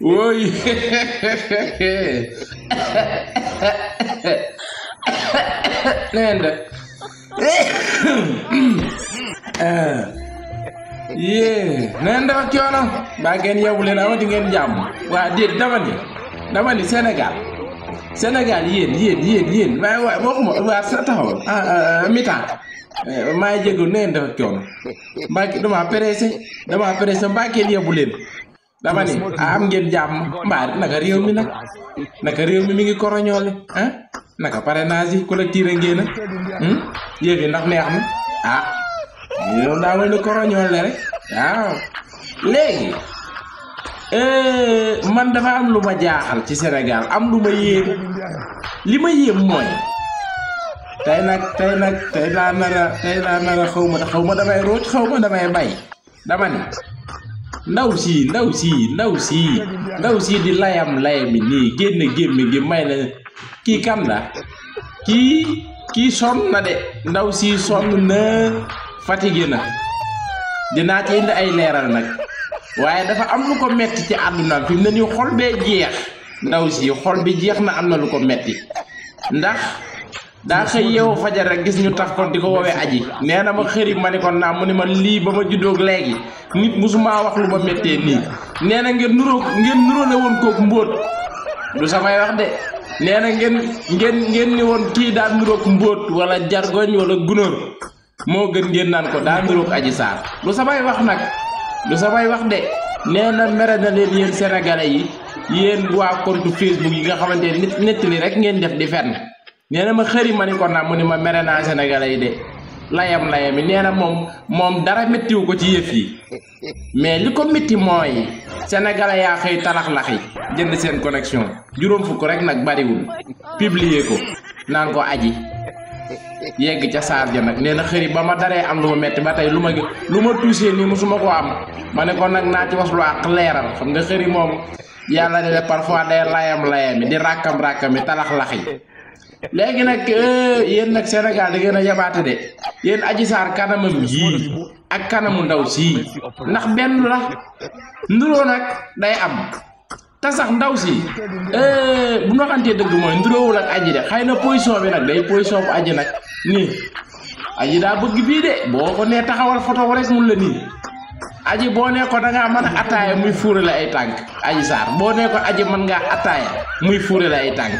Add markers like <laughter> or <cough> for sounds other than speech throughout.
Ôi Nên được Yeah, nanda kyono bagen yawule na wadi ngen jam wa dit damani damani Senegal Senegal yen yen yen yen wa wa mo wa sa taw ah mita Eh, maa ngi jégalu nee dafa coono Mbacke damaa pressé damaa pressé Mbacke yóbbu leen dama ne am ngeen jàmm mbaa réew mi nag naka réew mi mi ngi koroñoole ah naka parrainage yi ku la ngeen a hmm? yëf yi ndax neex na ah yow euh, man dafa am lu ma jaaxal ci Sénégal am lu ma yéem li ma yéem mooy. nag tey nag tey laa nar a tey laa nar a xaw ma xaw ma damay root xaw ma damay bay dama ne ndaw sii ndaw sii ndaw sii ndaw sii di layam layami nii génn gémmi gi may na kii kan la kii kii sonn na de ndaw sii sonn na fatigué na dinaa ci indi ay leeral nag waaye dafa am lu ko metti ci àdduna fi mu ne nii xol bee jeex ndaw sii xol bi jeex na am na lu ko metti ndax da xey yow fajar rek gis ñu taf ko diko wowe aji neena ma xeri mané ne ko naa mu ne ma li bama juddok juddoog nit musuma wax lu ma metté ni neena ngeen nuro ngeen nuro ne won ko mbóot du samay wax de neena ngeen ngeen ngeen ni won woon da nuro ko mbóot wala jargoñ wala gunor mo gën ngeen nan ko nuro nuróog aji saar du samay wax nak du samay wax de neena mere na leen yeen sénégalais yi yéen waa compte facebook yi nga xamante nit nit ni rek ngeen def di fenn neena ma xeri mané ko na mu ma merena sénégalais yi de layam layam ini neena mom mom dara wu ko ci yef yi mais liko metti moy mooy sénégalais yaa xëy talax laxi jënd sen connexion jurom fuk rek bari wu publier ko nan ko aji yegg ci saar ja nak nee xeri xëri ba ma daree am luma metti batay luma luma touché ni musuma ko am mané ko nak na ci waslu ak léral xam nga xeri mom yalla ne parfois day layam layam di rakam rakam yi talax laxi léegi nag euh, yéen nag Sénégal ngeen a yabaate de yéen aji Sarr kanamam yii ak kanamu ndaw sii ndax benn la nuroo nag day am ta sax ndaw si euh, bu ñu waxantee dëgg mooy nduroowul ak Adji de xëy na position bi nag day position bu Adji nag nii Adji daa bëgg bii de boo ko nee taxawal photo rek mun la nii aji boo ne ko da nga man a muy fuure la ay tank aji sar boo ne ko aji man nga ataaya muy la ay tank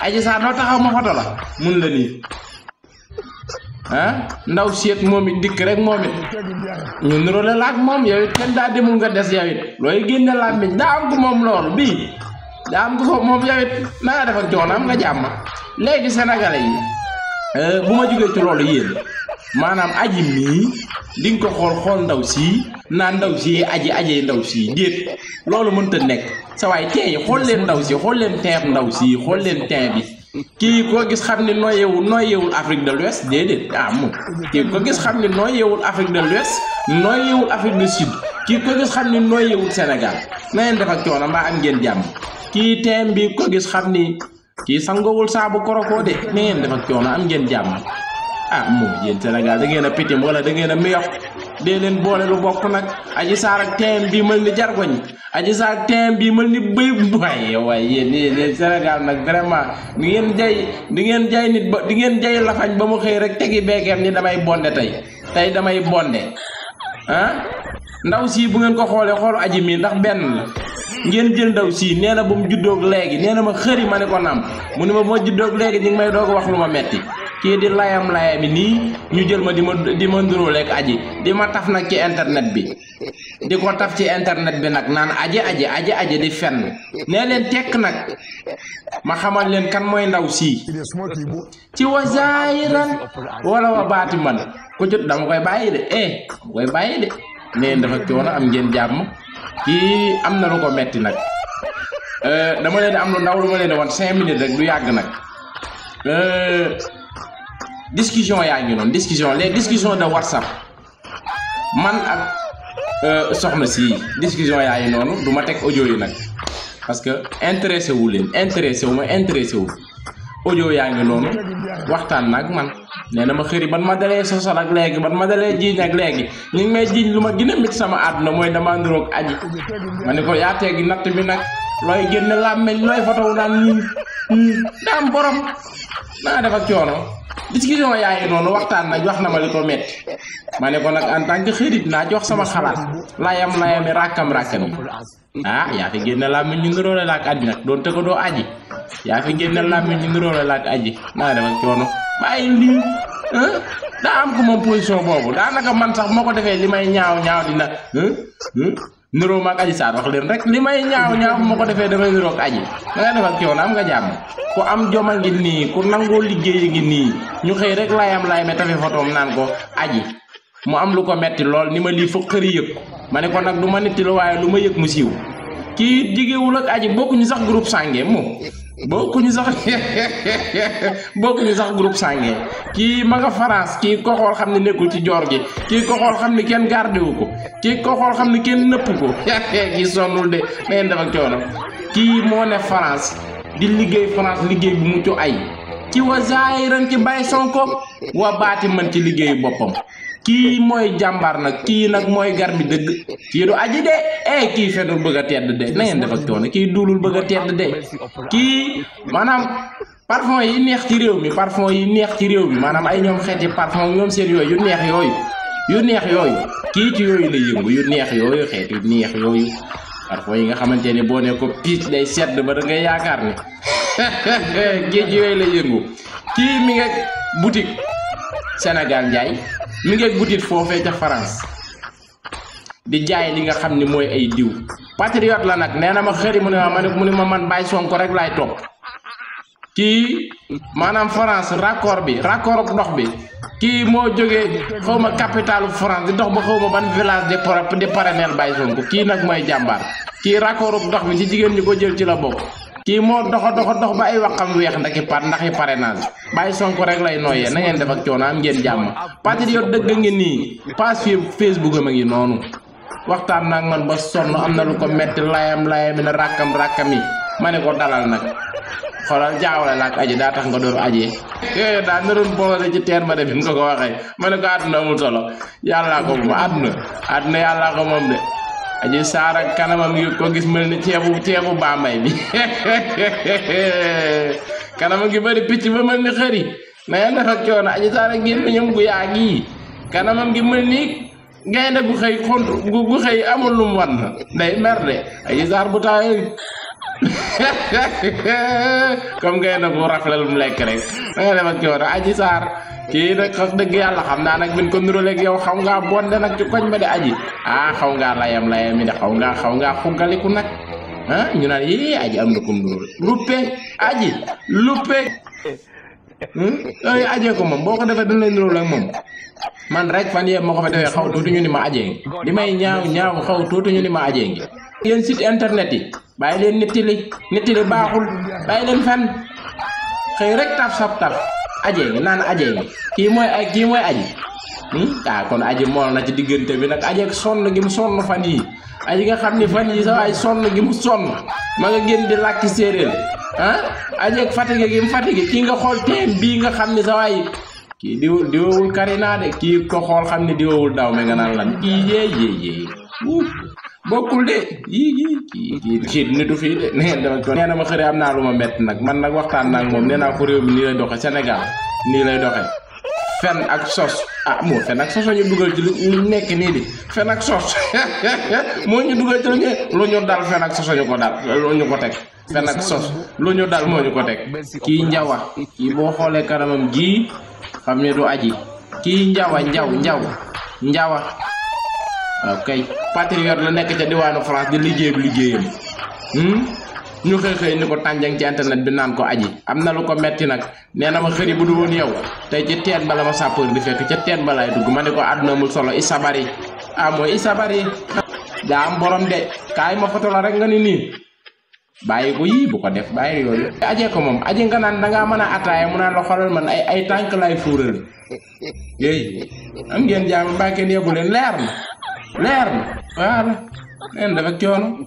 aji sar no taxaw ma foto la mun la ni ah ndaw siet momit dik rek momit ñu nuro la lak mom yow it kenn daa demul nga dess yow it looy la mi da am ko mom lool bi da am ko mom yow it na nga defal jonam nga jam legi sénégalais yi euh, ci lool manam aji mi di ko xool xool ndaw sii naa ndaw sii aji ajee ndaw sii déet loolu mënta nekk sa waay teen yi xool leen ndaw si xool leen teen ndaw sii xool leen teen bi kii koo gis xam ne nooyewul nooyewul Afrique de l'Ouest déedéet ah kii ko gis xam ne nooyewul Afrique de l'Ouest nooyewul Afrique du Sud kii ko gis xam ne nooyewul Sénégal senegal ngeen def ak coono mbaa am ngeen jàmm kii teen bi ko gis xam ni kii sangoowul saabu korokoo de na ngeen def ak coono am ngeen jàmm ah moom yéen Sénégal da ngeen a pitim wala da ngeen a miyox dee leen boole lu bokk nag aji saar ak bii mel ni jargoñ aji saar ak teem bii mel ni béy waaye waaye yéen yéen Sénégal nag vraiment di ngeen jay di ngeen jay nit ba di ngeen jay lafañ ba mu xëy rek tegi beekeem ni damay bonde tey tey damay bonde ah ndaw sii bu ngeen ko xoolee xool aji mi ndax benn la ngeen jël ndaw sii nee na mu juddoog léegi nee na ma xëri ma ne ko nam mu ne ma boo juddoog léegi ñu ngi may doog wax lu ma metti kii di layam layam ni ñu jël ma di ma di lek aji di ma taf nak ci internet bi di ko taf ci internet bi nak naan aji aji aji aji di fenn ne len tek nak ma xamal len kan moy ndaw si, ci wa zairan wala wa batiman ko jot dama koy bàyyi de eh koy bàyyi de nee dafa wona am ngeen jamm ki am na lu ko metti euh dama leen am lu ndaw lu ma leen won 5 minutes rek du discussion yaa ngi noonu discussion les discussions de WhatsApp man ak euh, soxna si discussion yaa ngi noonu du ma teg audio yi nag parce que intéressé wu leen intéressé wu ma intéressé wu audio yaa ngi noonu waxtaan nag man nee na ma xëri ban ma dalee sosal ak léegi ban ma dalee jiiñ ak léegi ñu ngi may jiiñ lu ma gën mit sama àdduna mooy dama nduroog aji ma ne ko yaa teegi natt bi nag looy génn làmmeñ looy fotow naan ñii hm, ñii hm, daam borom naa def ak coono discussion yaa ngi noonu waxtaan nañ wax na ma li ko metti ma ne ko nag an tant que xarit naa jox sama xalaat layam layami rakkam rakkam yi ah yaa fi génne laa mi ñu niroole laak aji nag doon te ko doo aji yaa fi génne laa mi ñu niroole laak aji naa def ak coono bàyyi lii daa am ko moom position boobu daanaka man sax moo ko defee li may ñaaw ñaaw dina niroo maag aji saar wax rek li may ñaaw ñaaw ma ko defee damay niroog aji da ngay defal naa am nga jàmm ku am joma ngi nii ku nangoo liggéey ngi nii ñu xëy rek layam lay me tafe fotoom naan ko aji mu am lu ko metti lool ni ma lii foog xëri yëg ma ne ko nag du ma nitti la waaye lu ma yëg mu siiw kii jigéewul ak aji bokkuñu sax groupe sànge moom ñu sax <laughs> bokkuñu sax groupe sàngee kii ma nga France kii ko xam ne nekkul ci joor gi kii ko xam ne kenn gardé wu ko kii ko xam ne kenn nëpp ko <laughs> kii sonnul de nañ def ak coono kii moo ne France di liggéey France liggéey bu mucc ay ci wa zaayiran ci bay sonkoom wa baati man ci liggéeyu boppam ki moy jambar nak ki nak moy garmi deug ki do aji de eh ki fenul beug tedd de na ngeen def ak ton ki dulul beug tedd de ki manam parfum yi neex ci rew mi parfum yi neex ci rew mi manam ay ñom xéti parfum ñom seen yoy yu neex yoy yu neex yoy ki ci yoy la yëngu yu neex yoy xéti neex yoy parfum yi nga xamanteni bo ne ko pitch day sedd ba da ngay yaakar ni ki <laughs> ci yoy la yëngu ki mi nga boutique senegal Ndiaye mi ngi boutique fofé ca France di jaay li nga xamni moy ay diw patriote la nak néna ma xéri mu ma mu ma man bay sonko rek lay top ki manam France raccord bi raccord ndox bi ki mo joggé xawma capital France di dox ba xawma ban village de de Paranel bay sonko ki nak moy jambar ki raccord ndox bi ci jigen ñi ko jël ci la bok ki mo dox dox dox ba ay waxam ndak ki par ndak ki parrainage bay sonko rek lay noyé na ngeen def ak cionam ngeen jàmm patriote deug ngeen ni pass fi facebook am ngi nonu waxtan nak man ba son amna lu ko metti layam layam na rakam rakami yi ko dalal nak xolal jaawla nak aji da tax nga door aji yooyu eh, daa naroon boole ci terme de bim ko ko waxe mané ko aduna mu solo yalla ko moom aduna aduna yalla ko mom de aji saar ak kanamam ngi ko gis mel ni ceebu ceebu bambay bi <laughs> kanamam ngi bëri picc ba mel ni xëri na ngeen def ak coono aji saar ak génn ñoom gu yaa gii kanamam ngi mel ni gaynde gu xëy xont gu xëy amul lu mu wan day mer de aji saar bu taay <laughs> comme ngay na ko rafle lu mu lekk rek danga dem ak coono aji saar kii nag wax dëgg yàlla xam naa nag bin ko nuróleeg yow xaw ngaa bonde nag ci koñ ba de aji ah xaw ngaa layam layam yi de xaw ngaa xaw ngaa xugaliku nag ah, ñu naan yii aji am na ko nuróol luppe aji luppe Hmm? yooyu ajee ko moom boo ko defee dañ lay niróo ak moom man rek fan yee moo ko fa defee xaw tuuti ñu ni ma aje ngi di may ñaaw ñaaw xaw tuuti ñu ni ma ajee ngi yéen internet yi bàyyi leen nettali nettali baaxul bàyyi leen fan xëy rek taf sab taf ajee ngi naan ajee ngi kii mooy ay kii mooy aji hmm? ah kon aji mool na ci diggante bi nag ajeeg sonn gi mu sonn fan yi aji nga xam ni fan yi sa waay sonn gi mu sonn ma nga génn di làkki séeréer ah ajeeg fatigué gi mu fatigué kii nga xool teem bii nga xam ne sa waay kii di diwowul karina de kii ko xool xam ne diwowul daw me nga naan lan kii yéey yéey yéey bokkul de yii yii kii kii nitu fii de nee dama ko nee na ma xëri am naa lu ma mett nag man nag waxtaan nag moom nee naa ko réew mi nii lay doxe Sénégal nii lay doxe fen ak sos ah moo fen ak sos ñu dugal ci <laughs> lu nekk nii di fen ak sos moo ñu dugal ci lu ñu lu dal fen ak sos ñu ko dal lu ñu ko teg fen ak sos lu ñu dal moo ñu ko teg kii njawa kii xam ne du aji kii njawa njaw njaw njawa waaw kay patriote la nekk ca diwaanu France di hmm? ñu xëy xëy ni ko tànjang ci internet bi naan ko aji am na lu ko metti nak neena ma xëri bu du won yow tay ci teen bala ma sàppër di fekk ci teen bala ay dugg mané ko aduna mul solo isa bari ah mooy isa bari am borom de kay ma foto la rek nga ni ni baye ko yi bu ko def baye yoy aje ko mom aje nga naan da nga mëna la xolal man ay ay tank lay fuural yey am ngeen jaam mbaa ngeen yebu leen leer na leer